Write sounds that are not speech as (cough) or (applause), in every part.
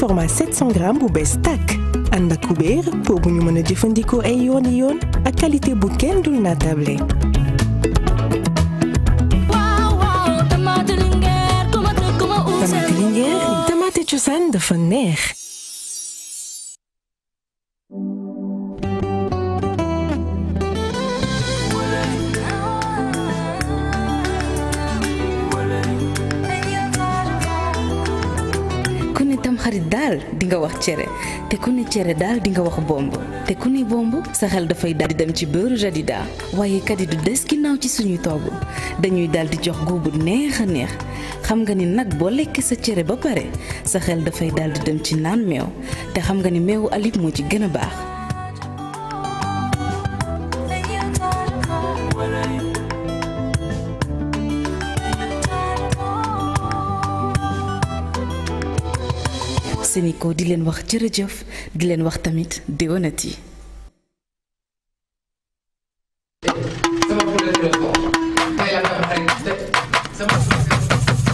format 700 grammes bu bees tàkk ànd ak kubéer pour bu ñu mën a jëfandikoo ay yoon i bu kenn dul na table. tamate lingeer dafa neex. di nga wax cere te ku ne cere daal di nga wax bomb te ku ne bomb sa xel dafay daal di dem ci beurre Jadida waaye kadi du des ginnaaw ci suñu togg dañuy daal di jox guubu neex a neex xam nga ni nag boo lekkee sa cere ba pare sa xel dafay daal di dem ci naan meew te xam nga ni meewu alib moo ci gën a baax. Sénico di leen wax jërëjëf di leen wax tamit déwénat yi.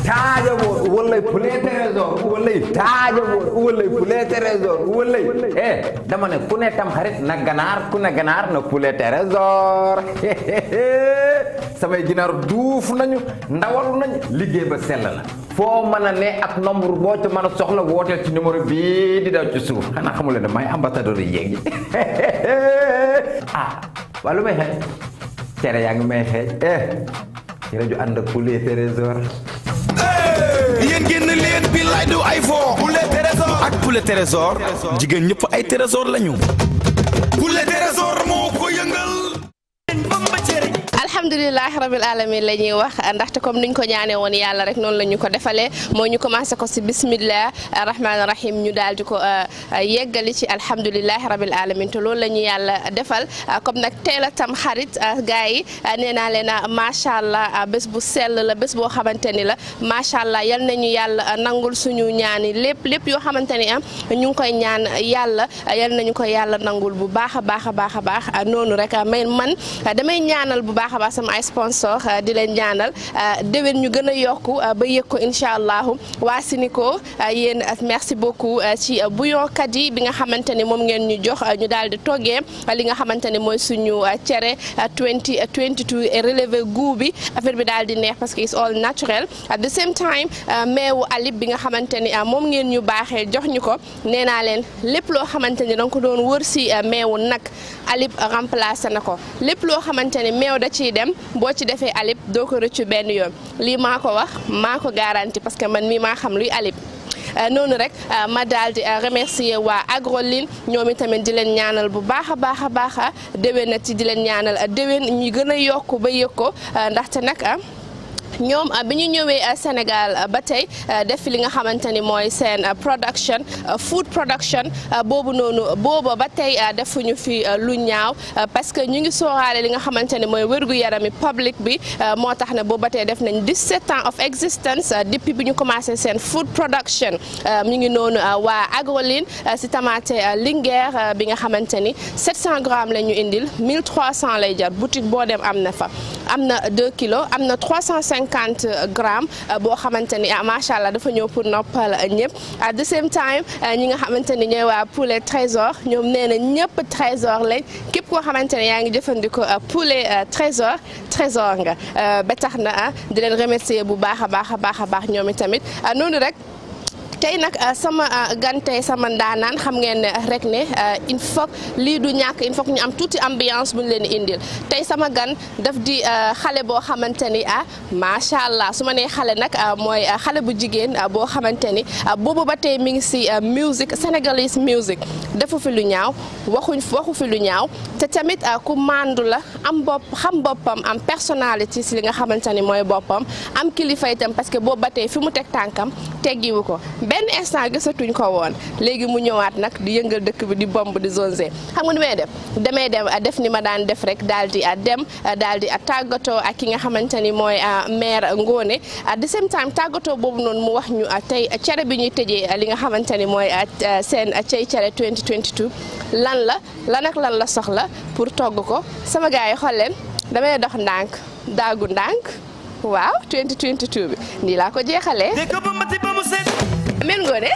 taajaboo wallay poulet trésor wallay taajaboo wallay poulet trésor wallay eh dama ne ku ne tam xarit na ganaar ku ne ganaar na poulet trésor samay ginaar duuf nañu ndawalu nañu liggéey ba sell na foo man a ne ak nombre boo ci mën a soxla wooteel ci numéro bii di daw ci suuf xanaa xamul ne may ambassadeur yi yéegi (laughs) ah waa lu may xeeñ yaa ngi may xeeñ eh ci rajo ànd ak poulet trésor yéen génn foo jigéen ñëpp ay trésor lañu poulet alhamdulilah rabil alamin la ñuy wax ndaxte comme niñ ko ñaanee woon yàlla rek noonu la ñu ko defalee moo ñu commencé ko si bismillah rahmaani rahim ñu daal di ko euh, yeggali ci alhamdulilah rabil alamin te loolu la ñu yàlla defal comme nag teel a tam xarit euh, gars yi euh, nee naa leen macha allah bés bu sell la bés boo xamante ni la macha allah yal nañu yàlla nangul suñu ñaani lépp lépp yoo xamante ni am ah, koy ñaan yàlla yal nañu ko yàlla nangul bu baax a baax a noonu rek may man damay ñaanal bu baax baax sama sponsor euh, di leen ñaanal euh, déwén ñu gën a yokku euh, ba yëg ko incha allahu waa Sinico yéen merci beaucoup ci bouillonkat yi bi nga xamante ni moom ngeen ñu jox ñu daal di toggee li nga xamante ni mooy suñu cere 20 22 relevé goût bi affaire bi daal di neex parce que it's all naturel at the same time meewu alib bi nga xamante ni moom ngeen ñu baaxee jox ñu ko nee naa leen lépp loo xamante ni danga ko doon wër si meewu nag alib remplacé na ko lépp loo xamante meew da ciy dem dem boo ci defee alib doo ko rëccu benn yoon lii maa ko wax maa ko garanti parce que man mii maa xam luy alib euh, noonu rek euh, ma daal di euh, remercier waa agrolin ñoom tamit di leen ñaanal bu baax a baax a baax ci di leen ñaanal déwén ñu gën a yokku ba yëg ko ndaxte nag ñoom ah, bi ñu ñëwee ah, Sénégal ah, ba tey def li nga xamante ni mooy seen production food production boobu noonu booba ba tey defuñu fi lu ñaaw parce que ñu ngi sooraale li nga xamante ni mooy wérgu yarami public bi moo tax ne boobu ba tey def nañ 17 ans of existence depuis bu ñu commencé seen food production mu ngi noonu waa Agroline si tamaate Linguère bi nga xamante ni 700 grammes la ñu indil 1300 lay jar boutique boo dem am na fa am na 2 am na cinquante grammes euh, boo xamante ni ah, macha allah dafa ñëw pour noppal ñëpp at the same time euh, ñi nga xamante ni ñooy waa poulet trésor ñoom nee na ñëpp trésor lañ képp koo xamante ne yaa ngi jëfandikoo euh, poulet trésor trésor nga ba tax na ah, di leen remercier bu baax a baax a baax a baax ñoom itamit noonu rek. tey nag euh, sama euh, gante sama ndaanaan xam ngeen ne euh, rek ne il faut lii du ñàkk il faut ñu am tuuti ambiance bu ñu leen indil tey sama gan daf di xale boo xamante ni ah macha allah su ma nee xale nag mooy xale bu jigéen boo xamante ni boobu ba tey mi ngi si musique sénégalaise musique defu fi lu ñaaw waxuñ waxu fi lu ñaaw te tamit ku màndu la am bopp xam boppam am personnalité si li nga xamante ni mooy boppam am kilifa itam parce que boobu ba tey fi mu teg tànkam teggiwu ko. benn instant gisatuñ ko woon léegi mu ñëwaat nag di yëngal dëkk bi di bomb di zone xam nga may def damay dem ah, def ni ma daan def rek daal di ah, dem ah, daal di tàggatoo ak ki nga xamante ni mooy maire ngoone at the same time tàggatoo boobu noonu mu wax ñu tey cere bi ñuy tëjee li nga xamante ni mooy seen cey cere 2022 lan la lan ak lan la soxla pour togg ko sama gaa yi xool leen damay dox ndànk daagu ndànk waaw 2022 bi nii laa ko jeexalee. mel ngoone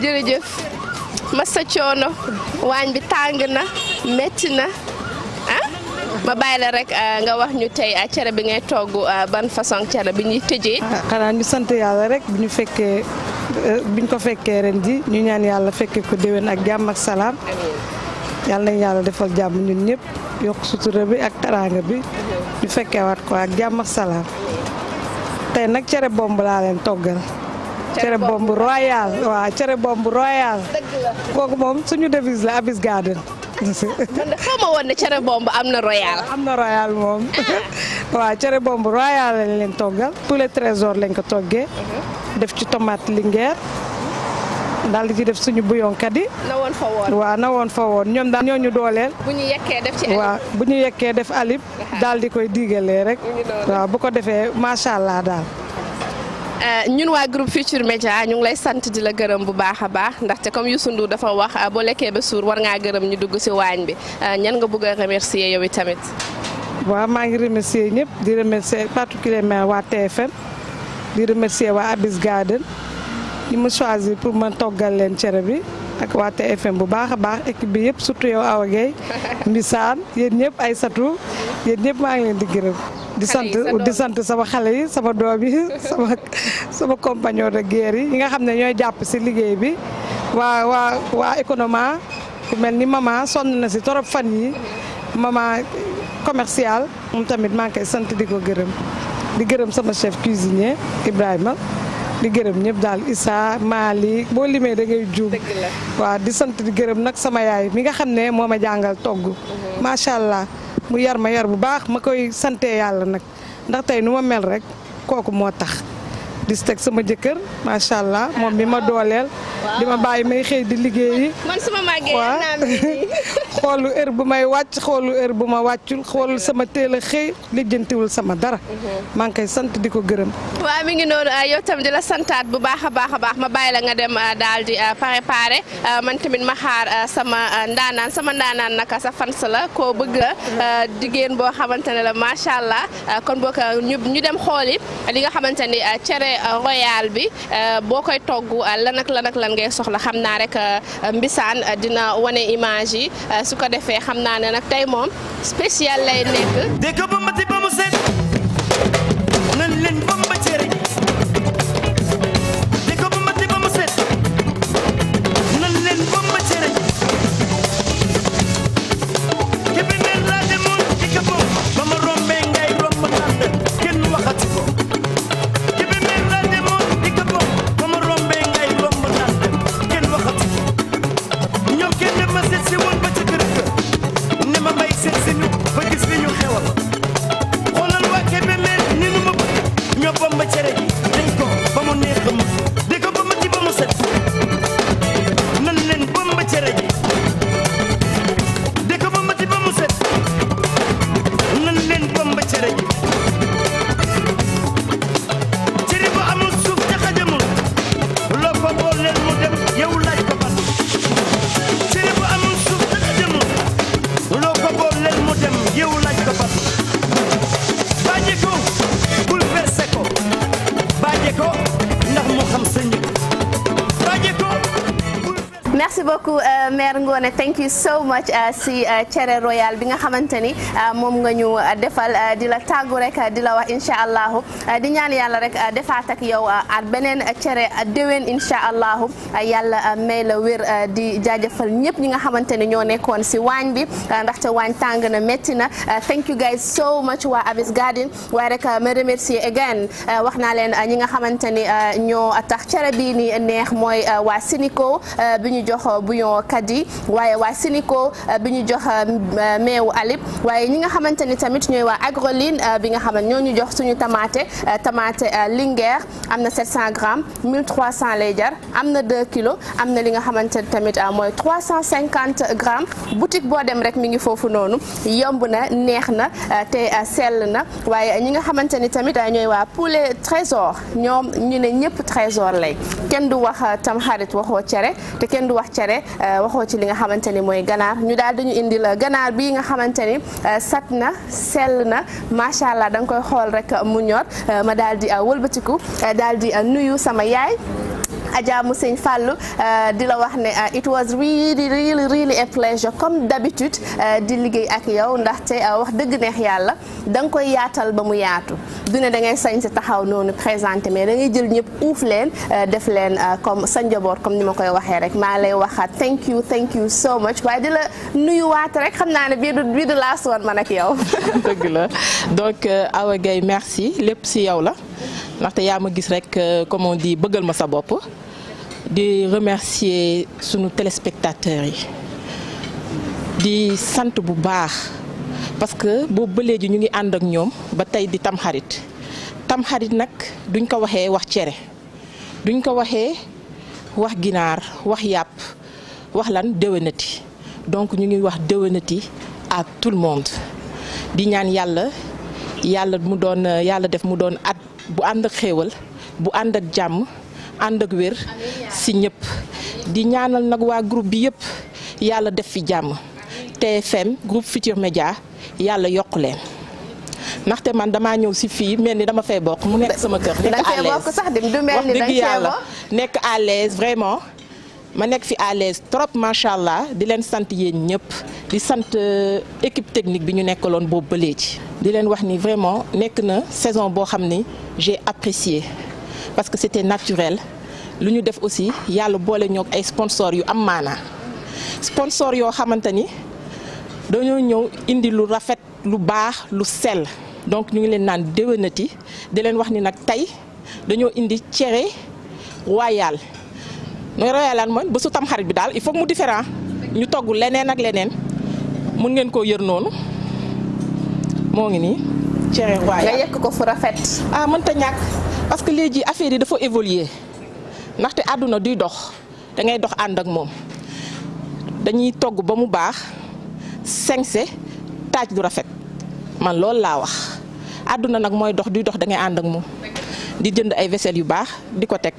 jërëjëf masa coono waañ bi tàng na metti na ah ma bàyyi la rek ah, nga wax ñu tey ah, cere bi ngay togg ah, ban façon cere bi ñuy tëjee xanaa ñu sant yàlla rek bi ñu fekkee eh, biñ ko fekkee ren ji ñu ñaan yàlla fekkee ko déwén ak jàmm ak salaam yàlla nañ yàlla defal jàmm ñun ñépp yokk sutura bi ak taraanga bi ñu fekkee waat ko ak jàmm ak salaam tey nag cere bomb laa leen toggal cere bomb royal waaw cere bomb royal. kooku moom suñu devise la Abis Garden. man de woon ne cere bomb am na royal. na royal moom ah. waaw cere bomb royal leen toggal poulet trésor lañ ko toggee. Uh-huh. def ci tomat lingeer. daal di ci def suñu bouillonkat yi. na woon fa woon ñoom daal ñoo ñu dooleel. bu ñu bu ñu yekkee def alib. Uh-huh. daal di koy digalee rek. waaw bu ko defee macha allah daal. Euh, ñun waa groupe Futurs Médias ñu ngi lay sant di la gërëm bu baax a baax ndaxte comme yu Ndour dafa wax euh, boo lekkee ba suur war ngaa gërëm ñu dugg ci waañ bi euh, ñan nga bëgg a remercier yow tamit. waa maa ngi remercier ñëpp di remercier particulièrement waa TFM di remercier waa Abis Garden ñi ma choisir pour ma toggal leen cere bi ak waa TFM bu baax a baax équipe bi yëpp surtout yow Awa Gueye (laughs) Mbisaan yéen ñëpp ay satu yéen ñëpp maa ngi leen di gërëm. di sant di sant sama xale yi sama doom yi (laughs) sama sama compagnon de guerre yi nga xam ne ñooy jàpp si liggéey bi waa waa waa économie ku mel ni maman sonn na si torop fan yi maman commercial moom tamit maa ngi koy sant di ko gërëm di gërëm sama chef cuisinier Ibrahima di gërëm ñëpp daal Issa Mali boo limee da ngay juum waaw di sant di gërëm nag sama yaay mi nga xam ne moo ma jàngal togg mm-hmm. macha allah. mu yar ma yar bu baax ma koy sante yàlla nag ndax tey nu ma mel rek kooku moo tax di si teg sama jëkkër macha allah moom mi ma dooleel. di ma bàyyi may xëy di liggéeyi. man su ma màggee naa (laughs) xoolu heure bu may wàcc xoolu heure bu ma wàccul xool sama teel a xëy lijjantiwul sama dara. Mhm. maa ngi sant di ko gërëm. waa mi ngi noonu ah, yow tamit di la santaat bu baax a baax a baax ma bàyyi la nga dem ah, daal di ah, préparé man tamit ma xaar sama ndaanaan sama ndaanaan naka sa fans la koo bëgg la jigéen boo xamante ne la macha allah kon boo ko ñu royal bi euh, boo koy togg euh, lan ak lan ak lan ngay soxla xam naa rek euh, mbisaan dina wane image yi su ko defee xam naa ne nag tey moom spécial lay nekk. thank you so much uh, si uh, cere royal bi nga xamante ni uh, moom nga ñu defal di la tàggu rek di la wax incha allah di ñaan yàlla rek defaat ak yow at beneen cere déwén incha allahu yàlla may la wér di jaajëfal ñëpp ñi nga xamante ni ñoo nekkoon si waañ bi ndaxte waañ tàng na métti na thank you guys so much waa abis Garden waay rek ma remercier again wax naa leen ñi nga xamante ni ñoo tax cere bi ni neex mooy waa Sinico bi ñu jox bouillon kat waa Sinico euh, bi ñu jox euh, euh, meewu alib waaye ñi nga xamante ni tamit ñooy waa Agroline bi nga xam ne ñoo ñu jox suñu tamaate tamaate Linguère am na gramme grammes 1300 lay jar am na 2 kilos am na li nga xamante ni tamit mooy 350 grammes boutique boo dem rek mi ngi foofu noonu yomb na neex na te sell na waaye ñi nga xamante ni tamit ñooy waa poulet trésor ñoom ñu ne ñëpp trésor lay kenn du wax tam xarit waxoo cere te kenn du wax cere waxoo ci li nga xamante ni mooy ganaar ñu daal dañu indi la ganaar bii nga xamante ni euh, sat na sell na macha allah da nga koy xool rek mu ñor euh, ma daal di euh, wëlbatiku daal di nuyu sama yaay Adja Moussine Fallou euh, di la wax ne euh, it was really really really a pleasure comme d'habitude euh, di liggéey ak yow ndaxte wax dëgg neex yàlla da nga koy yaatal ba mu yaatu du ne da ngay sañ taxaw noonu présenté mais da ngay jël ñëpp uuf leen def leen comme sa njaboot comme ni ma koy waxee rek maa lay waxaat thank you thank you so much waaye di la nuyuwaat rek xam naa ne bii du bii du last one man ak yow. (laughs) dëgg la donc Awa Gueye merci lépp si yow la. ndaxte yaa ma gis rek euh, comme on bëggal ma sa bopp di remercier suñu téléspectateurs yi di sant bu baax parce que boobu ba léegi ñu ngi ànd ak ñoom ba tey di tamxarit tamxarit nag duñ ko waxee wax cere duñ ko waxee wax ginaar wax yàpp wax lan déwénati donc ñu ngi wax déwénati à tout le monde di ñaan yàlla yàlla mu doon yàlla def mu doon at bu ànd ak xéewal bu ànd ak jàmm ànd ak wér si ñëpp di ñaanal nag waa groupe bi yëpp yàlla def fi jàmm te TFM groupe Futurs Médias yàlla yokk leen ndaxte man damaa ñëw si fii mel ni dama fay bokk mu nekk sama kër nekk à l'aise wax dëgg yàlla nekk à l'aise vraiment ma nekk fi à l'aise trop macha allah di leen sant yéen ñëpp di sant euh, équipe technique bi ñu nekkaloon boobu ba ci di leen wax ni vraiment nekk na saison boo xam ni j'ai apprécié parce que c'était naturel lu ñu def aussi yàlla boole ñoog ay sponsors yu am maanaa sponsor yoo xamante ni dañoo ñëw indi lu rafet lu baax lu sell donc ñu ngi leen naan déwénati di leen wax ni nag tey dañoo indi cere royal. muy royalaan mooy bésu tamxarit bi daal il faut mu différent ñu togg leneen ak leneen mun ngeen koo yër noonu moo ngi nii cere waaye nga yekk ko fu rafet ah mënta ñàkk parce que léegi affaire yi dafa évoluer ndaxte àdduna duy dox da ngay dox ànd ak moom dañuy togg ba mu baax sense taaj lu rafet man loolu laa wax àdduna nag mooy dox duy dox dangay ànd ak moom di jënd ay vaisselle yu baax di ko teg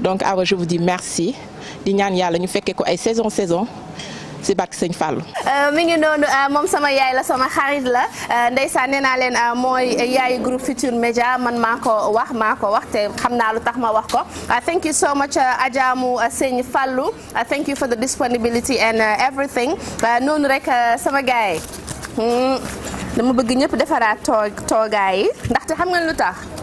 donc Awa je vous di merci di ñaan yàlla ñu fekkee ko ay saison saison si barke sëñ Fallou. Euh, mi ngi noonu euh, moom sama yaay la sama xarit la euh, ndeysaan nee naa leen mooy yaayu groupe Futur Media man maa ko wax maa ko wax te xam naa lu tax ma wax ko thank you so much Adjamou sëñ Fallou thank you for the disponibility and everything noonu rek sama gars yi hmm. dama bëgg ñëpp defaraat too toogaay yi ndaxte xam nga lu tax.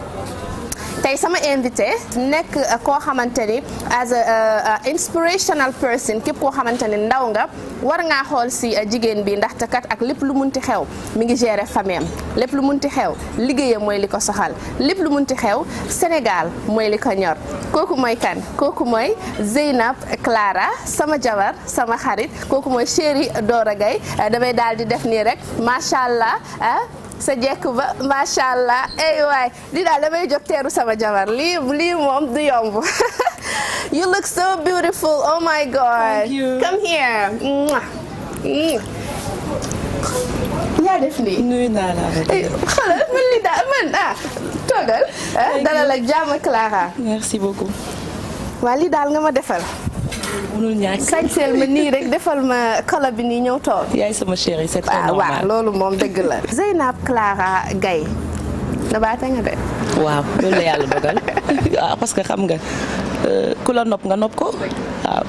tey sama invité nekk euh, koo xamante ni as euh, a inspirational person képp koo xamante ni ndaw nga war ngaa xool si euh, jigéen bi ndaxte kat ak lépp lu mun ti xew mi ngi gérer famille am lépp lu munti xew liggéeyam mooy li ko soxal lépp lu munti xew Sénégal mooy li ko ñor kooku mooy kan kooku mooy Zeynab Clara sama jabar sama xarit kooku mooy door a Gaye damay daal di def nii rek macha allah sa jekk ba macha allah ay eh, waay lii daal damay jóg teeru sama jabar lii lii moom du yomb (laughs) you look so beautiful oh my god come here mm. yaa def lii nuyu naa la eh, xoolal man lii daal man ah toogal ah, dalal Clara merci beaucoup defal mënul ñàkk sañseel ma nii rek defal ma kala bi nii ñëw toog. yaay sama chérie yi set ah, normal waaw loolu moom dëgg la. (laughs) Zeynab Clara Gaye nabaate nga de. waaw loolu la yàlla dogal waaw (laughs) ah, parce que xam nga euh, ku la nopp nga nopp ko waaw. Ah,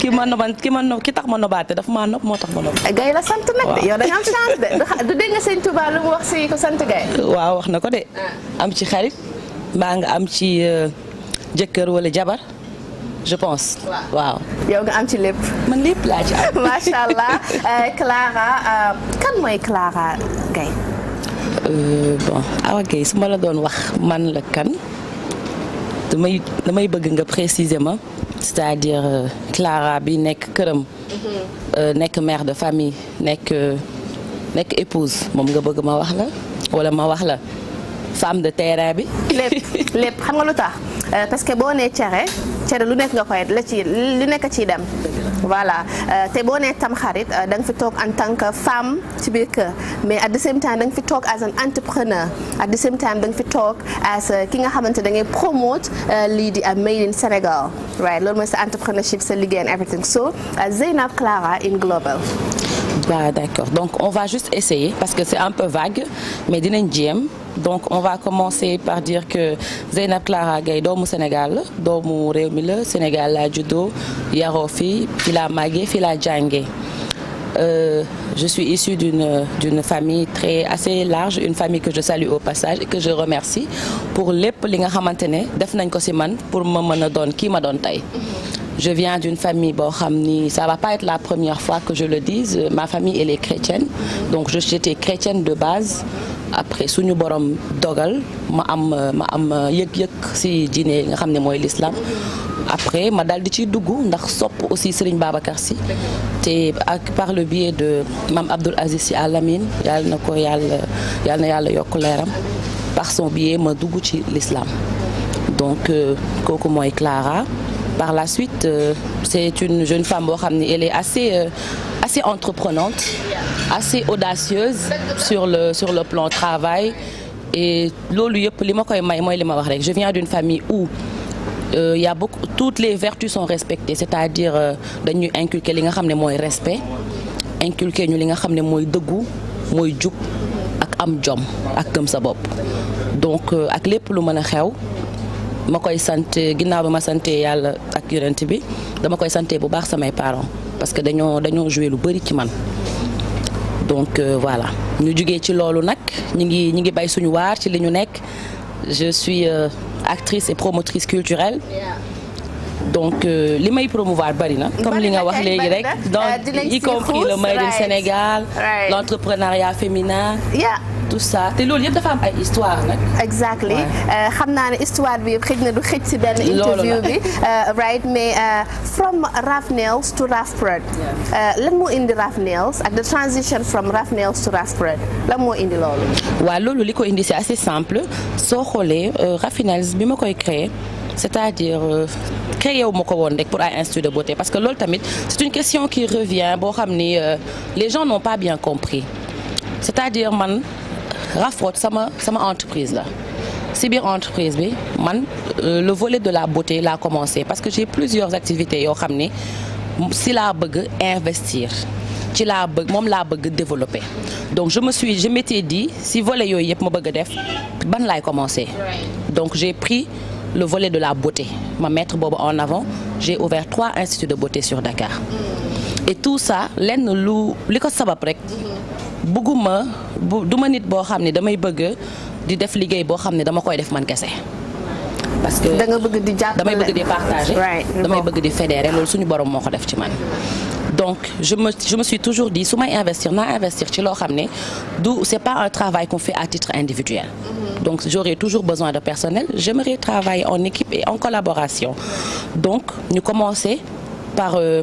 ki ma noban ki ma no ki tax ma nobaate dafa ma nopp moo tax ma nopp. Gaye la sant nag de yow da (laughs) nga lu mu wax si ko sant Gaye. waaw wax na ko de. am ci xarit mbaa nga am ci euh, jëkkër wala jabar. je pense. waaw yow nga am ci lépp. man lépp laa ci am. (laughs) macha allah euh, Clara euh, kan mooy Clara Gaye. Euh, bon Awa su ma la doon wax man la kan damay damay bëgg nga préciser ma c'est-à-dire Clara bi nekk këram. Mm-hmm. nekk mère de famille nekk nekk épouse moom nga bëgg ma wax la wala ma wax la. femme de terrain bi. (laughs) lépp lépp xam nga lu tax euh, parce que boo nee cere cere lu nekk nga koy la ci lu nekk ciy dem. voilà euh, te boo nee tam xarit euh, da nga fi toog en tant que femme ci biir mais at the same time da fi toog as an entrepreneur at the same time da nga fi toog as ki nga xamante da ngay promote lii di a made in Sénégal right loolu mooy sa entrepreneurship sa liggéey and everything so Zeynab Clara in global. waaw donc on va juste essayer parce que c'est un peu vague mais dinañ jéem. donc on va commencer par dire que Zeynab Clara Gaye doomu Sénégal la doomu réew mi la Sénégal laa juddoo yaroo fii fi laa màggee laa jàngee Euh, je suis issue d'une d'une famille très assez large une famille que je salue au passage et que je remercie pour lépp li nga xamante ne def nañ ko ci man pour ma mën a doon kii ma doon tey je viens d'une famille boo xam ni ça va pas être la première fois que je le dise ma famille elle est chrétienne donc j'étais chrétienne de base après suñu borom dogal ma am ma am yëg-yëg si diine nga xam ne mooy l'islam après ma daal di ci dugg ndax sopp aussi Serigne Babacar Sy te ak par le biais de Mame Abdoul Aziz Sy Al Amine yàlla na ko yàlla yàlla na yàlla yokk leeram par son biais ma dugg ci l'islam donc euh, kooku mooy Clara par la suite euh, c'est une jeune femme boo xam ne elle est assez euh, assez entreprenante assez audacieuse sur le sur le plan travail e loolu yëpp li ma koy may mooy li ma wax rek je viens d'une famille où euh, y a toutes les vertus sont respectées c'est-à-dire euh, dañuy inculquer li nga xam ne mooy respect inculquer ñu li nga xam ne mooy dëggu mooy jub ak am jom ak gëm sa bopp donc euh, ak lépp lu mën a xew ma koy sant ginnaaw bi ma sante yàlla ak yonent bi dama koy sante bu baax samay parents parce que dañoo dañoo joué lu bëri ci man donc euh, voilà ñu jugee ci loolu nag ñu ngi ñu ngi bay suñu waar ci li ñu nekk je suis euh, actrice et promotrice culturelle. donc euh, li may promouvoir bari na. comme li nga wax léegi rek donc ah, y compris le Made in Sénégal. l'entrepreneuriat féminin. tout ça te loolu yëpp dafa am ay histoire nag. exactly euh, xam naa ne histoire bi yëpp xëj na du xëj si benn interview bi euh, right mais euh, from Raf Nails to Raf Prod lan moo indi Raf Nails ak the transition from Raf Nails to Raf Prod lan moo indi loolu. waaw loolu li ko indi c'est assez simple soo xoolee Raf Nails bi ma koy créer c'est-à-dire créé wu ma ko woon rek pour ay institut de beauté parce que loolu tamit c'est une question qui revient boo xam ni les gens n'ont pas bien compris c'est-à-dire man. Rafroth sama sama entreprise la si biir entreprise bi man euh, le vole de la beauté la commencé parce que j'ai plusieurs activités yoo xam ni si laa bëgg investir ci la bëgg moom laa bëgg développer donc je me suis je dit si vole yooyu yëpp ma bëgg def ban laay commencer donc j'ai pris le vole de la beauté ma mettre boobu en avant j'ai ouvert trois instituts de beauté sur Dakar et tout ça lenn lu li sabab rek bëgguma bu du ma nit boo xam ne damay bëgg di def liggéey boo xam ne dama koy def man kese. parce que da nga bëgg di jàppale damay bëgg di partager. damay bëgg di fédérer loolu suñu borom moo ko def ci man. donc je me suis toujours di su may investir na investir ci loo xam ne du c' est pas un travail qu'on fait à titre individuel. Mm-hmm. donc j'aurai toujours besoin de personnel j'aimerais travailler en équipe et en collaboration donc ñu commencer. par euh,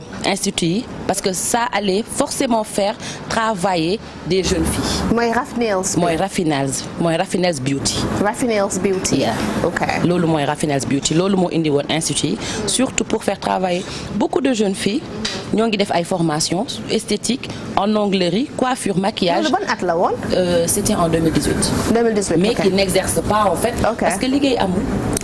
parce que ça allait forcément faire travailler des jeunes filles. mooy raffinage. mooy raffinage mooy raffinage beauty. raffinage beauty. Yeah. ok loolu mooy raffinage beauty loolu moo indi woon institut yi surtout pour faire travailler beaucoup de jeunes filles ñoo ngi def ay formation esthétique en onglerie coiffure maquillage. loolu ban at la woon. Euh, c'était en 2018. 2018 mais okay. n'exerce pas en fait. parce que liggéey amul.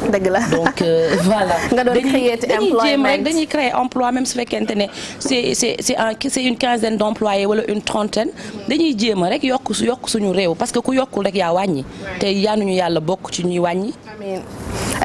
dëgg la donc euh, (laughs) voilà. nga doon créer emploi dañuy jéem rek dañuy créer emploi même su fekkente ne c'est c'est c'est un c'est une quinzaine d'employés wala une trentaine dañuy jéem rek yokk yokk suñu réew parce que ku yokkul rek yaa wàññi. te yaanuñu yàlla bokk ci ñuy wàññi. amiin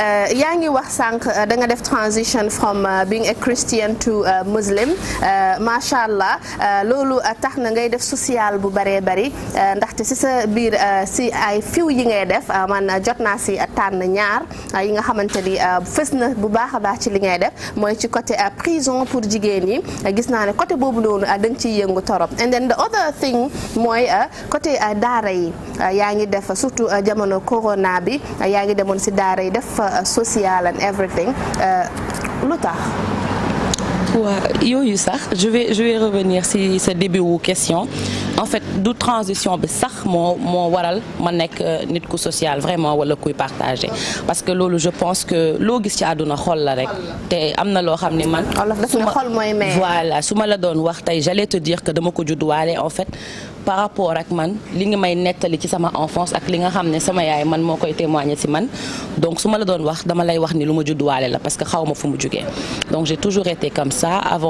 euh, yaa ngi wax sànq euh, da nga def transition from uh, being a Christian to uh, Muslim uh, macha allah euh, loolu tax na ngay def social bu bëree bari ndaxte si sa biir si ay fiw yi ngay def man jot naa si tànn ñaar. yi nga xamante ni euh, fës na bu baax a baax ci li ngay def mooy ci côté euh, prison pour jigéen yi gis naa ne côté boobu noonu euh, da nga ciy yëngu torop and then the other thing mooy côté daara yi yaa ngi def surtout jamono corona bi yaa ngi demoon si daara yi def social and everything lu tax yooyu sax je vais revenir si sa début wu question en fait du transition bi sax moo moo waral ma nekk euh, nit ku social vraiment wala kuy partager parce que loolu je pense que loo gis ci àdduna xol la rek te am na loo xam ne man. voilà su ma la doon wax tey j'allais te dire que dama ko judduwaale en fait par rapport ak man li nga may nettali ci sama enfance ak li nga xam ne sama yaay man moo koy témoigner si man donc su ma la doon wax dama lay wax ni lu ma judduwaale la parce que xaw ma fu mu jugee donc j'ai toujours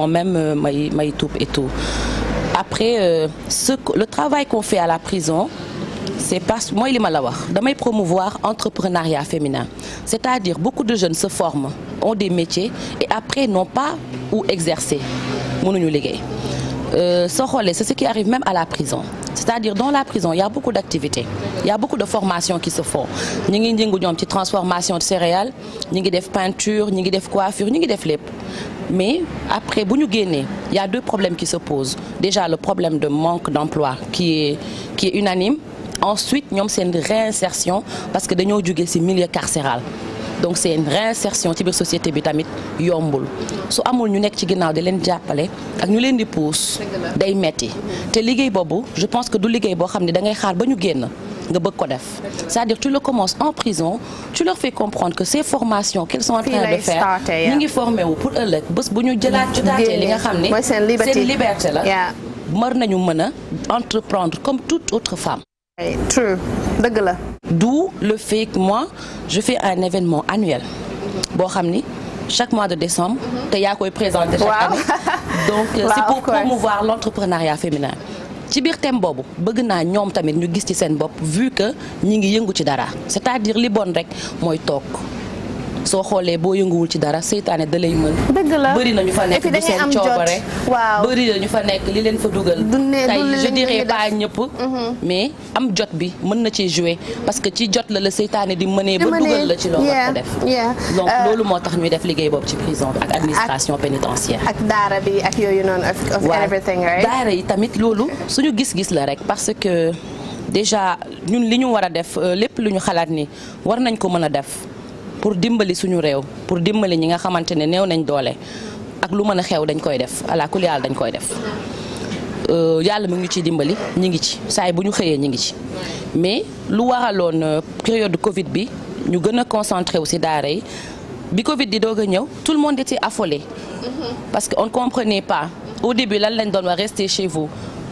même euh, may may après euh, ce le travail qu'on fait à la prison c'est parce mooy li ma la wax damay promouvoir entrepreneuriat féminin c'est-à-dire beaucoup de jeunes se forment ont des métiers et après n'ont pas où exercer mënuñu liggéey euh, soo xoolee c'est ce qui arrive même à la prison c'est-à-dire dans la prison il y a beaucoup d'activités il y a beaucoup de formations qui se font ñi ngi njëngu ñoom ci transformation de céréales ñi ngi def peinture ñi ngi def coiffure ñi ngi def lépp mais après bu ñu génnee y a deux problèmes qui se posent déjà le problème de manque d'emploi qui est qui est unanime ensuite ñoom seen réinsertion parce que dañoo jóge ci milieu carcéral donc c'est une réinsertion ci biir société bi tamit yombul su amul ñu nekk ci ginnaaw di leen jàppale ak ñu leen di pousse day metti te liggéey boobu je pense que du liggéey boo xam ne da ngay xaar ba ñu génn nga bëgg ko def c'est-à-dire tu le commences en prison tu leur fais comprendre que ces formations qu'ils sont en train de faire ñu ngi formé wu pour ëllëg bés bu ñu jëlaat jotaatee li nga xam ni ne seen liberté la mër nañu mën a entreprendre comme toute autre femme true dëgg la d'où le fait que moi je fais un événement annuel boo xam ni chaque mois de décembre te yaa koy présenter chaque année (laughs) donc euh, c'est pour promouvoir l'entrepreneuriat féminin ci biir thème boobu bëgg naa ñoom tamit ñu gis ci seen bopp vu que ñi ngi yëngu ci dara c'est-à-dire li bon rek mooy toog soo xoolee boo yënguwul ci dara seytaane da lay mën. dëgg la bëri na ñu fa nekk du seen coobare. waaw bëri na ñu fa nekk li leen fa dugal. tey je dirais pas ñëpp. Mhm. mais am jot bi mën na ci jouer parce que ci jot la la seytaane di mënee. ba dugal la ci loo war ko euh, loolu moo tax ñuy def liggéey boobu ci prison bi ak administration pénitentiaire. ak daara bi ak yooyu noonu of everything right. daara yi tamit loolu suñu gis-gis la rek parce que déjà ñun li ñu war a def euh, lépp lu ñu xalaat ni war nañ ko mën a def. pour dimbali suñu réew pour dimbali ñi nga xamante ne néew nañ doole ak lu mën a xew dañ koy def ala kulli yàlla dañ koy def euh, yàlla mu ngi ciy dimbali ñi ngi ci saay bu ñu xëyee ñi ngi ci mais lu waraloon euh, période Covid bi ñu gën a concentré wu si daara yi bi Covid di doog a ñëw tout le monde était affolé mm-hmm. parce que on comprenait pas au début lan lañ doon wax rester chez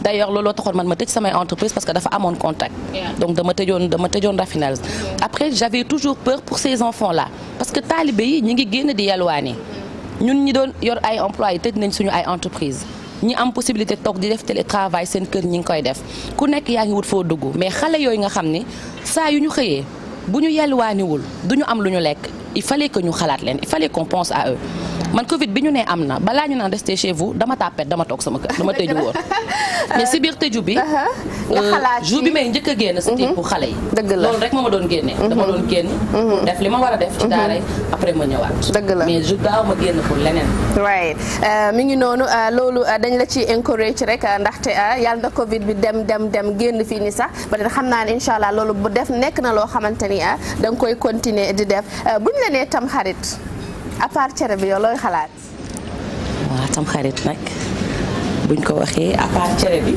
d'ailleurs looloo taxoon man ma tëj samay entreprise parce que dafa amoon contact donc dama tëjoon dama tëjoon raffinerie après j'avais toujours peur pour ces enfants là parce que taalibe yi ñi ngi génn di yalwaani ñun ñi doon yor ay emplois yi tëj nañ suñu ay entreprise ñi am possibilité toog di def télétravail seen kër ñi ngi koy def ku nekk yaa ngi wut foo dugg mais xale yooyu nga xam ni saa yu ñu xëyee bu ñu yalwaaniwul du ñu am lu ñu lekk il fallait que ñu xalaat leen il fallait qu'on pense à eux man Covid bi ñu nee am na balaa ñu naan rester chez vous dama tàppet dama toog sama kër dama tëju woon (laughs) si biir tëju bi. (laughs) Uh-huh. Euh, jour bi may njëkk a génn. c'était mm-hmm. xale yi. dëgg loolu rek moo ma doon génnee. Mm-hmm. dama doon génn. Mm-hmm. def li ma war a def. ci daara après ma ñëwaat. dëgg la mais je daaw ma génn pour leneen. Euh, mi ngi noonu euh, loolu dañ la ci encourage rek ndaxte yàlla na Covid bi dem dem dem génn fii nii sax ba xam naa ne incha allah loolu bu def nekk na loo xamante ni da nga koy continuer di def. la tamxarit à part cere bi yow looy xalaat. waaw tamxarit nag buñ ko waxee à part cere bi.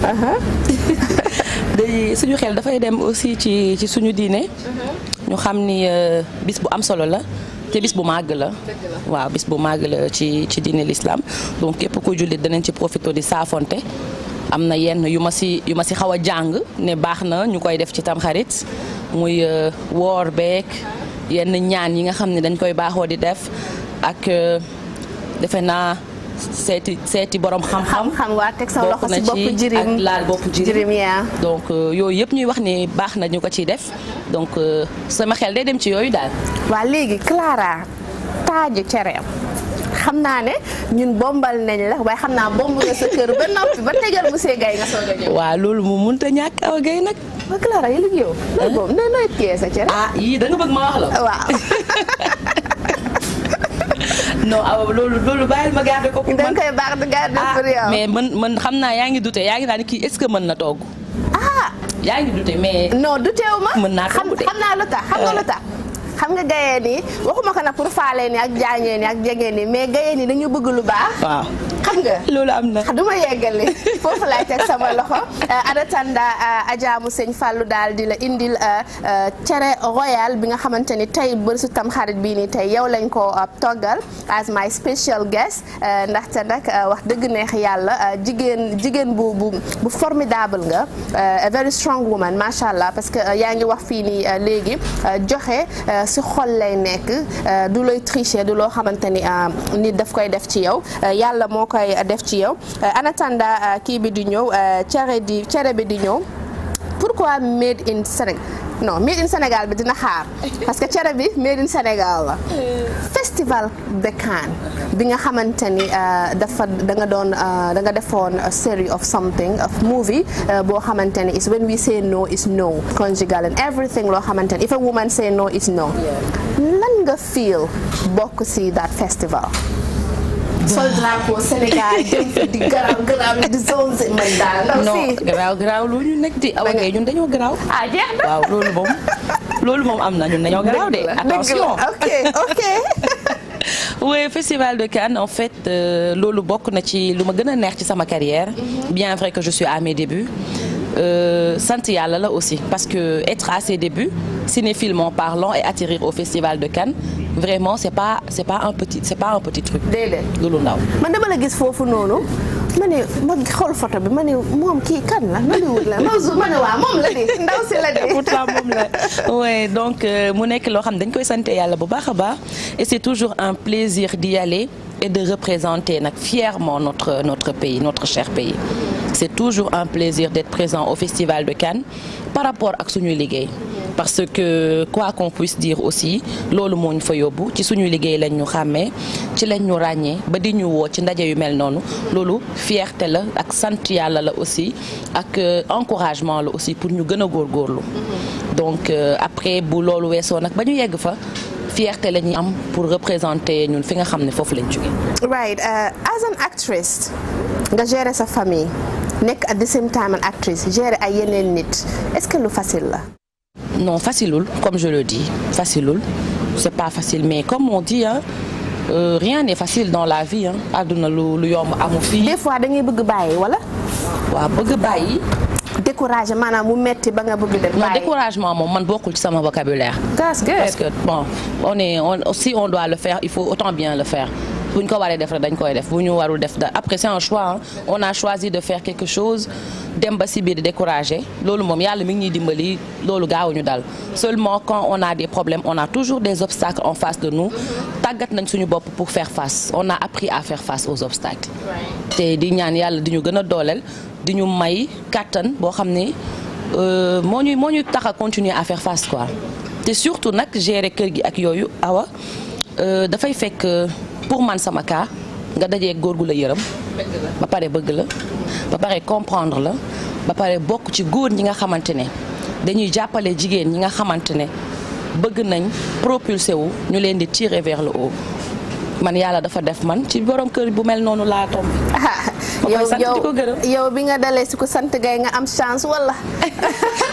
(laughs) suñu xel dafay dem aussi ci ci suñu diine. ñu xam ni euh, bis bu am solo la. te bis bu màgg la waaw bis bu màgg la ci ci diine lislaam donc képp ku jullit danañ ci profité di saafonte am na yenn yu ma ci yu ma si xaw a jàng ne baax na ñu koy def ci tamxarit muy euh, woor beek yenn ñaan yi nga xam ne dañ koy baaxoo di def ak euh, defe naa seeti seeti borom xam-xam. xam-xam waa teg sax loxo si bopp ak laal bopp jirim yaa donc euh, yooyu yëpp ñuy wax ni baax na ñu ko ciy def donc euh, sama xel day dem ci yooyu daal. waa léegi Clara taaju cereem. xam naa ne ñun bombal nañ la waaye xam naa bomb nga sa kër ba noppi ba tegal monsieur Gaye nga soog a waa loolu moom mënut a ñàkk aw Gaye nag. waaw Clara loolu boobu nooy nooy téye ah, yii da nga bëgg ma wax la. waaw. (laughs) non awa loolu loolu bàyyil ma garder ko. pour man ah, mais man xam naa yaa ngi dute yaa ngi naan kii est-ce que mën na togg. ah. yaa ngi dute mais. non duteewu ma. mën naa xam naa lu xam nga lu xam nga gayeen yi waxuma ko nag pour faalee ni ak jaañee ni ak jegeen ni mais gayeen yi dañu bëgg lu baax waaw loolu am na du ma yeggale foofu laay teg sama loxo euh, adatanda euh, ajaamu sëñ Fallou daal di la indil euh, cere royal bi nga xamante ni tey bërsu tam xarit bii nii tey yow lañ ko toggal as my special guest ndaxte nag wax dëgg neex yàlla jigéen jigéen bu bu bu formidable nga a very strong woman macha allah parce que yaa ngi wax fii nii léegi joxe si xol lay nekk du lay tricher du loo xamante ni nit daf koy def ci yow yàlla moo koy a def ci yow euh, en euh, kii bi di ñëw euh, cere di cere bi di ñëw pourquoi made in Sénégal non made in Sénégal bi dina xaar parce que cere bi made in Sénégal festival bi nga xamante ni dafa da nga doon da nga defoon series of something of movie boo xamante ni is when we say no is no conjugal and everything loo xamante ni if a woman say no is no lan nga feel bokk si that festival sol drapeau Sénégal (laughs) di garaaw garaaw loolu ñu nekk di awa ngay ñun dañoo garaaw. ah jeex na waaw loolu moom loolu moom am na ñun dañoo garaaw de. attention ok ok. (laughs) festival de Cannes en fait euh, loolu bokk na ci lu ma gën a neex ci sama carrière. Mhm. bien vrai que je suis à mes Euh, sant yàlla la aussi parce que être à ses débuts cinéphile en parlant et atterrir au festival de Cannes vraiment c'est pas c'est pas un petit c'est pas un petit truc. déedéet loolu ndaw. man la gis foofu noonu. ma ne ma xool photo bi ma ne moom kii kan la Nollywood ma ne la de ndaw la de. (laughs) pourtant moom la oui donc euh, mu nekk loo xam dañ koy sant yàlla bu baax a baax et c'est toujours un plaisir d'y aller et de représenter nag fièrement notre notre pays notre cher pays. c'est toujours un plaisir d'être présent au Festival de Cannes par rapport ak suñuy liggéey parce que quoi qu'on puisse dire aussi loolu moo ñu fa yóbbu ci suñuy liggéey lañ ñu xàmmee ci lañ ñu ràññee ba di ñu woo ci ndaje yu mel noonu loolu fierté la ak sant yàlla la aussi ak euh, encouragement la aussi pour ñu gën a góorlu donc euh, après bu loolu weesoo nag ba ñu yegg fa fierté la ñuy am pour représenter ñun fi nga xam ne foofu lañ jóge euh, as an actress nga gérer nekk at the same time an actrice gérer ay yeneen nit est-ce que lu facile la. non facilul comme je le dis facilul c'est pas facile mais comme on dit hein, euh, rien n'est facile dans la vie hein àdduna lu lu yomb amu fii. des fois da ngay bëgg bàyyi wala. waaw bëgg bàyyi. découragé maanaam mu metti ba nga bëgg dem. non découragement moom man bokkul ci sama vocabulaire. parce que bon on est on si on doit le faire il faut autant bien le faire. bu ñu ko waree def rek dañ koy def bu ñu warul def da après c'est un choix on a choisi de faire quelque chose dem ba si biir découragé loolu moom yàlla mi ngi ñuy dimbali loolu gaawuñu dal seulement quand on a des problèmes on a toujours des obstacles en face de nous tàggat nañ suñu bopp pour faire face on a appris à faire face aux obstacles te di ñaan yàlla di ñu gën a dooleel di ñu may kàttan boo xam ne euh, moo ñuy moo tax a continuer à faire face quoi te surtout kër gi ak yooyu awa Euh, dafay fekk euh, pour man sama cas nga dajee góor gu la yërëm ba pare bëgg la ba pare comprendre la ba pare bokk ci góor ñi nga xamante ne dañuy jàppale jigéen ñi nga xamante ne bëgg nañ propulsé wu ñu leen di tirer vers le haut man yàlla dafa def man ci borom kër bu mel noonu laa tombé (laughs) yow yow bi nga dalee si ko sant gay nga am chance wala. (laughs)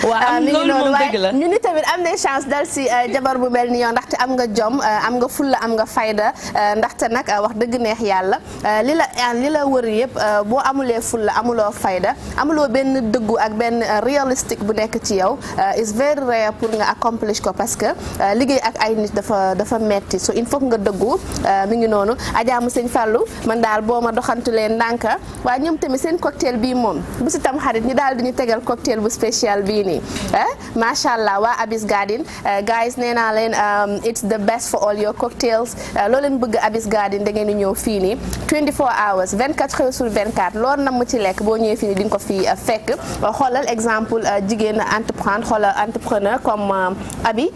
waaw ah, la ñu ni tamit am na chance dal si eh, jabar bu mel ni yow ndaxte am nga jom eh, am nga fulla am nga fayda eh, ndaxte nag wax dëgg neex yàlla li la li la wër yëpp boo amulee fulla amuloo fayda amuloo benn dëggu ak benn réalistique bu nekk ci yow is very rare pour nga accomplish ko parce que liggéey ak ay nit dafa dafa metti so il faut nga dëggu mi ngi noonu Adja mu sëñ Fallou man daal boo ma doxantulee ndànka waa ñoom tamit seen cocktail bii moom bu si tam xarit ñi daal di ñu tegal cocktail bu spécial bii nii eh? macha allah waa Abis Garden eh, guys nee naa leen um, it's the best for all your cocktails eh, loo leen bëgg Abis Garden da ngeen di ñëw fii nii 24 hours 24 heures sur 24 loolu na mu ci lekk boo ñëwee fii nii di ko fii fekk xoolal exemple jigéen entreprendre xoolal entrepreneur comme Abi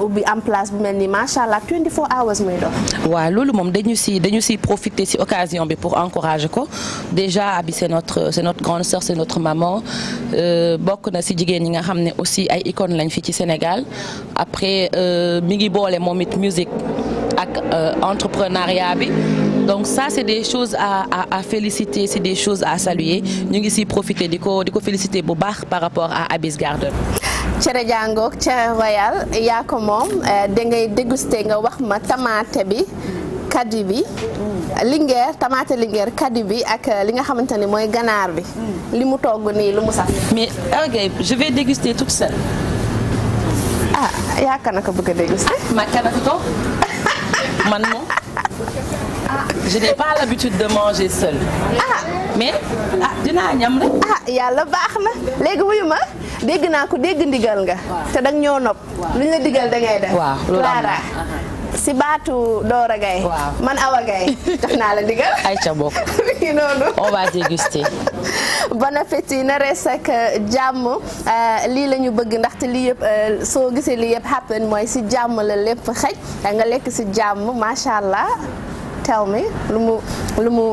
ubbi en place bu mel nii macha allah 24 hours muy dox. waaw loolu moom dañu si dañu si profiter si occasion bi pour encourager ko. déjà Abi ah, c'est notre c'est notre grande sœur c'est notre maman euh, bokk na si jigéen ñi nga xam ne aussi ay icônes lañ fi ci Sénégal après euh, mi ngi boole moom it ak euh, entrepreneuriat bi donc ça c'est des choses à à, à féliciter c'est des choses à saluer ñu ngi ciy profiter di ko di féliciter bu baax par rapport à Abis Garden. cere jàngoog cere royal yaa ko moom da déguster nga wax ma tamaate bi. kaddu bi lingeer tamaate lingeer kaddu bi ak euh, li nga xamante ni mooy ganaar bi mm. li mu togg nii lu mu sax mais ah, ok je vais déguster toute seule ah yaa kanaka bëgg a déguster ah, ma kanaka (laughs) toog man je n'ai de manger seul ah mais ah dinaa ñam rek ah yàlla baax na léegi wuyu ma dégg naa ko dégg ndigal nga te dang ñoo nopp lu ñu la digal da ngay def waaw si baatu Dora Gaye man Awa Gaye (laughs) jox naa la digal ay ca bokk (laughs) ngi noonu on va déguster (laughs) bon appétit na rees ak euh, jàmm euh, lii la ñu bëgg ndaxte lii yëpp euh, soo gisee lii yëpp happen mooy si jàmm la lépp xëj nga lekk si jàmm macha allah tell me lu mu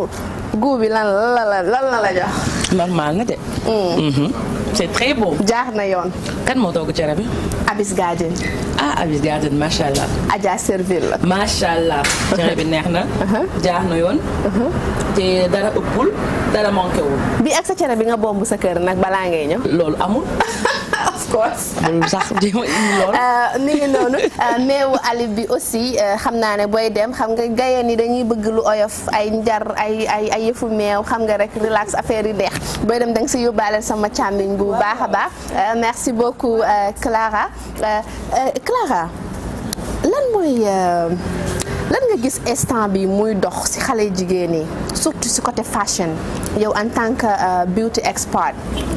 goût bi lan la la lan la la jox. normal na de. Mm. Mhm. c'est très bon. jaar na yoon. kan moo togg cere bi. Abis Gadjen. ah Abis Gadjen macha allah. Adja Serville la. macha allah cere bi neex na. Uh-huh. Uh-huh. jaar na yoon. Uh-huh. te dara ëppul dara manqué wul. bi ak sa cere bi nga bomb sa kër nag balaa ngay ñëw. loolu amul. (laughs) of course. sax (laughs) euh, ngi noonu euh, meewu alib bi aussi euh, xam naa ne booy dem xam nga gaye ni dañuy bëgg lu oyof ay njar ay ay ay yëfu meew xam nga rek relax affaire yi deex booy dem da si yóbbaale sama càmmiñ bu baax a baax. merci beaucoup Clara Clara lan mooy. lan nga gis instant bi muy dox ci xale jigéen yi surtout ci côté fashion yow en tant que euh, beauty expert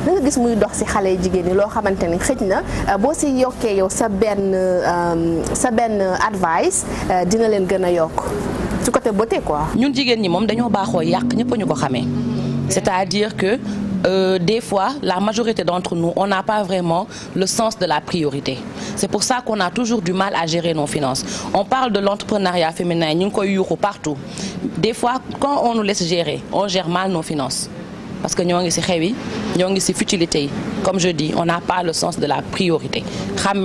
lan nga gis muy dox ci xale jigéen yi loo xamante ni xëj na euh, boo ci yokkee yow sa benn euh, sa benn advice dina leen gën a yokk ci côté beauté quoi. ñun jigéen ñi moom dañoo baaxoo yàq ñëpp ñu ko xamee c'est-à-dire que. euh, des fois, la majorité d'entre nous, on n'a pas vraiment le sens de la priorité. C'est pour ça qu'on a toujours du mal à gérer nos finances. On parle de l'entrepreneuriat féminin, ñu ngi koy yuuxu partout. Des fois, quand on nous laisse gérer, on gère mal nos finances. parce que ñoo ngi si xew yi ñoo ngi si futilité comme je dis on n'a pas le sens de la priorité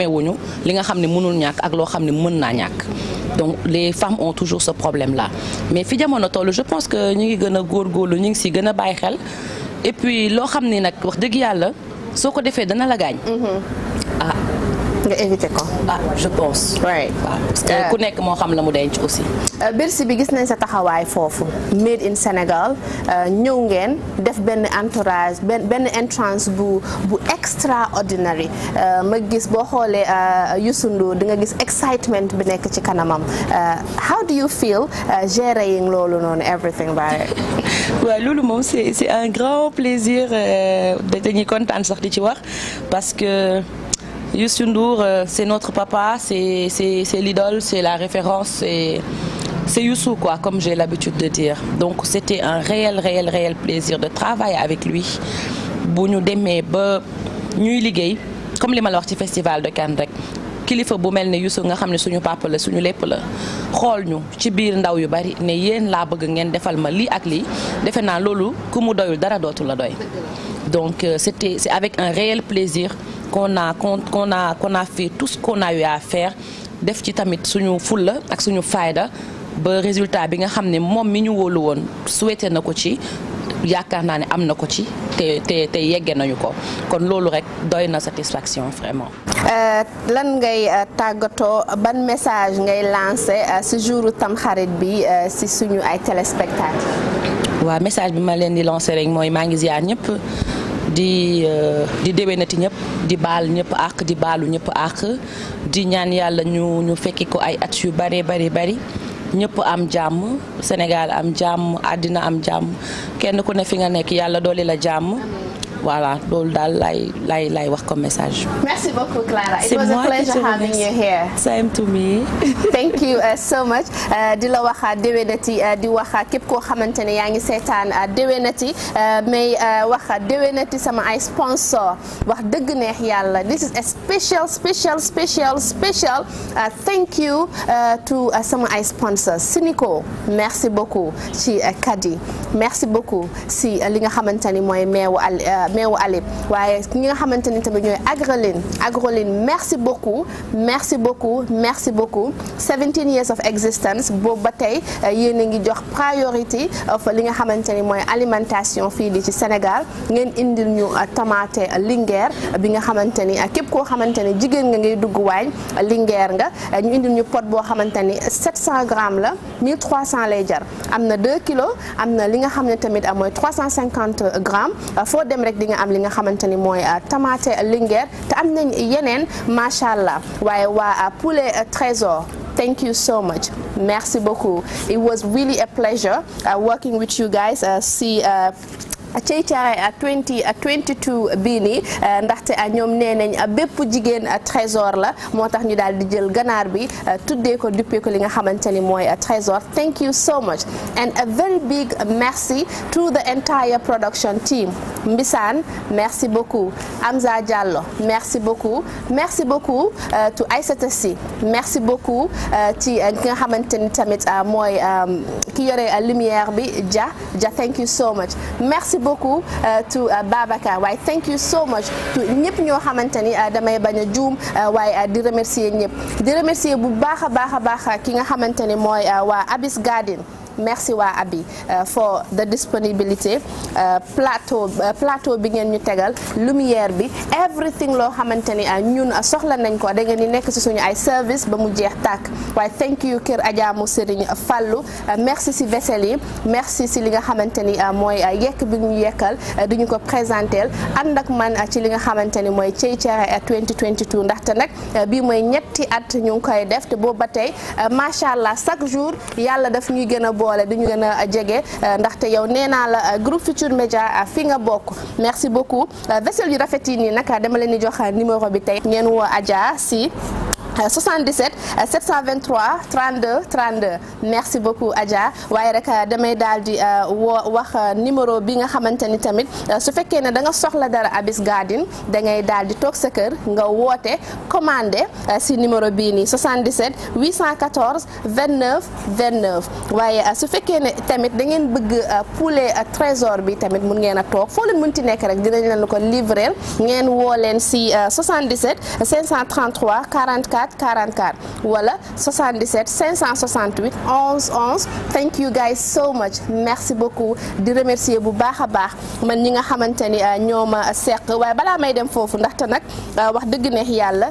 wuñu li nga xam ne mënul ñàkk ak loo xam ne mën naa ñàkk donc les femmes on toujours ce problème là mais fi jamono toll je pense que ñu ngi gën a góorgóorlu ñu ngi ci gën a bàyyi xel et loo xam ne nag wax dëgg yàlla soo ko defee dana la gaañ. Mm-hmm. ah nga éviter ko. ah pense. oui parce ku nekk moo xam la mu denc aussi. Euh, Bercy bi gis nañ sa taxawaay foofu made in Sénégal euh, ñëw ngeen def benn entourage benn benn entrance bu bu extraordinary euh, ma gis boo xoolee Youssou Ndour di nga gis excitement bi nekk ci kanamam how do you feel gérer yi loolu noonu everything bare. (laughs) waaw loolu moom c'est un grand plaisir dañuy kontaan sax di ci wax parce que. Youssou Ndour euh, c'est notre papa c'est c'est c'est l'idole c'est la référence c'est c'est Youssou quoi comme j'ai l'habitude de dire donc c'était un réel réel réel plaisir de travailler avec lui bu ñu demee ba ñuy liggéey comme li ma la wax ci festival de Cannes rek kilifa bu mel ne Youssou nga xam ne suñu papa la suñu lépp la xool ñu ci biir ndaw yu bari ne yéen laa bëgg ngeen defal ma lii ak lii defe naa loolu ku mu doyul dara dootu la doy donc euh, c'était c'est avec un réel plaisir qu'on a qu'on qu'on a qu'on a tout ce qu'on def ci tamit suñu fulla ak suñu fayda ba résultat bi nga xam ne moom mi ñu wóolu woon suwetee na ko ci yaakaar naa ne am na ko ci te te te yegge nañu ko kon loolu rek doy na satisfaction vraiment. Euh, lan ngay euh, tàggatoo ban message ngay lancé euh, si jouru tamxarit bi si suñu ay téléspectateurs. waaw message bi ma leen di lancé rek mooy maa ngi ziar ñëpp. di euh, di déwénati ñëpp di baal ñëpp àq di baalu ñëpp àq di ñaan yàlla ñu ñu fekki ko ay at yu bare bari bari ñëpp am jàmm Sénégal am jàmm àddina am jàmm kenn ku ne fi nga nekk yàlla dooli la jàmm voilà loolu daal lay lay lay wax comme message. merci beaucoup Clara. it was a pleasure having you here. same to me. (laughs) thank you uh, so much uh, di la wax uh, déwénati uh, di wax képp koo xamante ne yaa ngi seetaan déwénati may wax déwénati sama ay sponsor wax dëgg neex yàlla this is a special special special special uh, thank you uh, to sama ay sponsors Sinico merci beaucoup ci Kadi merci beaucoup si li nga xamante ni mooy meewu al. meewu Alib waaye ñi nga xamante ni tamit ñooy Agroline Agroline merci beaucoup merci beaucoup merci beaucoup 17 years of existence boobu ba tey euh, yéen a ngi jox priorité euh, fa li nga xamante ni mooy alimentation fii di ci Sénégal ngeen indil ñu euh, tomate linguère bi nga xamante ni képp koo xamante ni jigéen nga ngay dugg waañ linguère nga ñu indil ñu pot boo xamante ni 700 grammes la 1300 lay jar am na 2 kilos am na li nga xam ne tamit mooy 350 grammes foo dem rek li nga am li nga xamante ni mooy euh, tamaate linguère te am nañ yeneen macha allah waaye waa euh, poulet euh, trésor thank you so much merci beaucoup it was really a pleasure working with you guys si ceycaare a 20 a 22 bii nii eh, ndaxte eh, ñoom nee nañ eh, bépp jigéen trésor la moo tax ñu daal di jël ganaar bi tuddee ko duppee li nga xamante ni mooy trésor thank you so much and a very big merci to the entire production team Mbisaan merci beaucoup Amza Diallo merci beaucoup merci beaucoup to Aïssata Sy merci beaucoup ci ki nga xamante ni tamit mooy ki yore lumière bi ja ja thank you so much beaucoup euh, to euh, Babacar waaye thank you so much to ñëpp ñoo xamante ni euh, damay bañ a juum waaye di remercier ñëpp di remercier bu baax a baax a baax ki nga xamante ni mooy waa Abis Garden merci waa Abi euh, for the disponibility euh, plateau euh, plateau bi ngeen ñu tegal lumière bi everything loo xamante ni ñun soxla nañ ko da ngeen di nekk ci suñu ay service ba mu jeex tàkk waaye thank you kër Adjaamu Serigne Fallou merci ci vaisselle yi merci ci li nga xamante ni mooy yekk bi ñu yekkal di ñu ko présenteel and ak man ci li nga xamante ni mooy cey cere 2022 ndaxte nag bii mooy ñetti at ñu ngi koy def te boobu tey macha chaque jour yàlla daf ñuy gën boole du ñu gën a jege euh, ndaxte yow nee naa la euh, groupe Futur Média euh, fi nga bokk merci beaucoup vaisselle yu rafet yi nii nag dama leen di jox numéro bi tey ngeen woo Adja si. 77 723 32 32 merci beaucoup Adja waaye rek euh, damay daal di euh, woo wax euh, numéro bi nga xamante ni tamit su fekkee ne danga soxla dara Abis Garden da ngay daal di toog sa kër nga woote commandé si numéro bii nii 77 814 29 29 waaye su fekkee ne tamit da ngeen bëgg poulet trésor bi tamit mun ngeen a toog foo leen munti nekk rek dinañ leen ko livrer ngeen woo leen si 77 533 44. 44 44 wala 77 568 11 11 thank you guys so much merci beaucoup di remercier bu baax a baax man ñi nga xamante ni ñoo ma seq waaye balaa may dem foofu ndaxte nag wax dëgg neex yàlla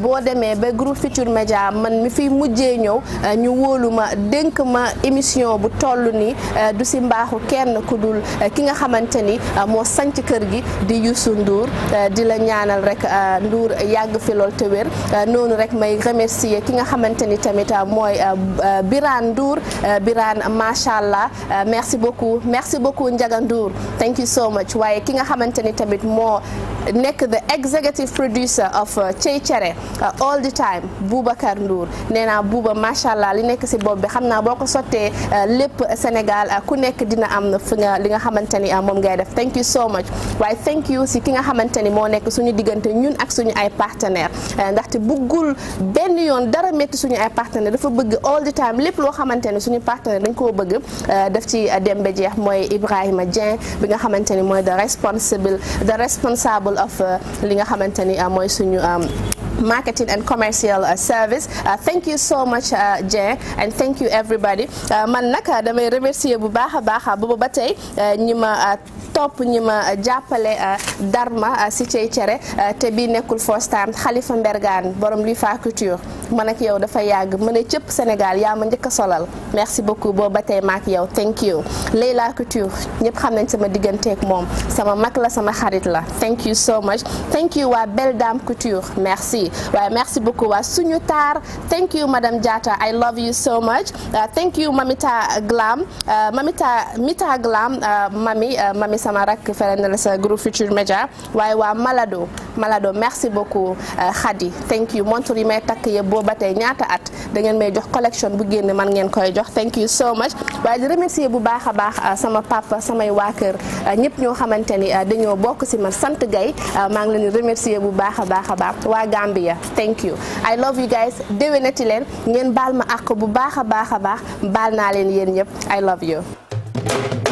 boo demee ba groupe Futur média man mi fiy mujjee ñëw ñu wóolu ma dénk ma émission bu toll ni du si mbaaxu kenn ku dul ki nga xamante ni moo sanc kër gi di Youssou Ndour di la ñaanal rek Ndour yàgg fi lool te wér noonu rek may remercier ki nga xamante ni tamit euh, mooy euh, euh, Birane Ndour Birane macha allah merci beaucoup merci beaucoup Ndiaga Ndour thank you so much waaye ki nga xamante ni tamit moo nekk the executive producer of Cey Cere all the time Boubacar Ndour nee naa Bouba macha allah li nekk si bopp bi xam naa boo ko sottee lépp Sénégal ku nekk dina am fi nga li nga xamante ni moom ngay def thank you so much waaye thank you si ki nga xamante ni moo nekk suñu diggante ñun ak suñu ay partenaires ndaxte benn yoon dara métti suñu ay partenaire dafa bëgg all the time lépp loo xamante ne suñu partenaire dañ koo bëgg euh, def ci dem ba jeex mooy Ibrahima Dieng bi nga xamante ni mooy the responsible the responsible of euh, li nga xamante ni euh, mooy suñu marketing and commercial uh, service uh, thank you so much uh, Dieng and thank you everybody man nag damay remercier bu baax a baax booba ba tey ñi ma topp ñi ma jàppale Darma si cey cere te bii nekkul first time Khalifa Mbergane borom luy fa la culture man ak yow dafa yàgg ma ne cëpp Sénégal yaa ma njëkk a solal merci beaucoup boo ba tey maak yow thank you Leila Couture ñëpp xam nañ sama digganteeg moom sama mag la sama xarit la thank you so much thank you waa Belle Dame Couture merci waaye merci beaucoup waa suñu taar thank you madame Diatta I love you so much uh, thank you Mamita Glam uh, Mamita Mita Glam uh, mami sama rak fere na la sa groupe Futur Media waaye waa Malado Malado merci beaucoup Khady thank you Montori yi may takk yëpp boo ba tey ñaata at dangeen may jox collection bu génn man ngeen koy jox thank you so much waaye di remercier bu baax a baax euh, sama papa samay waa kër euh, ñëpp ñoo xamante ni euh, dañoo bokk si man sant gay maa ngi leen di remercier bu baax a baax a baax waa Gambia thank you I love you guys déwénati leen ngeen baal ma àq bu baax a baax a baax baal naa leen yéen ñëpp I love you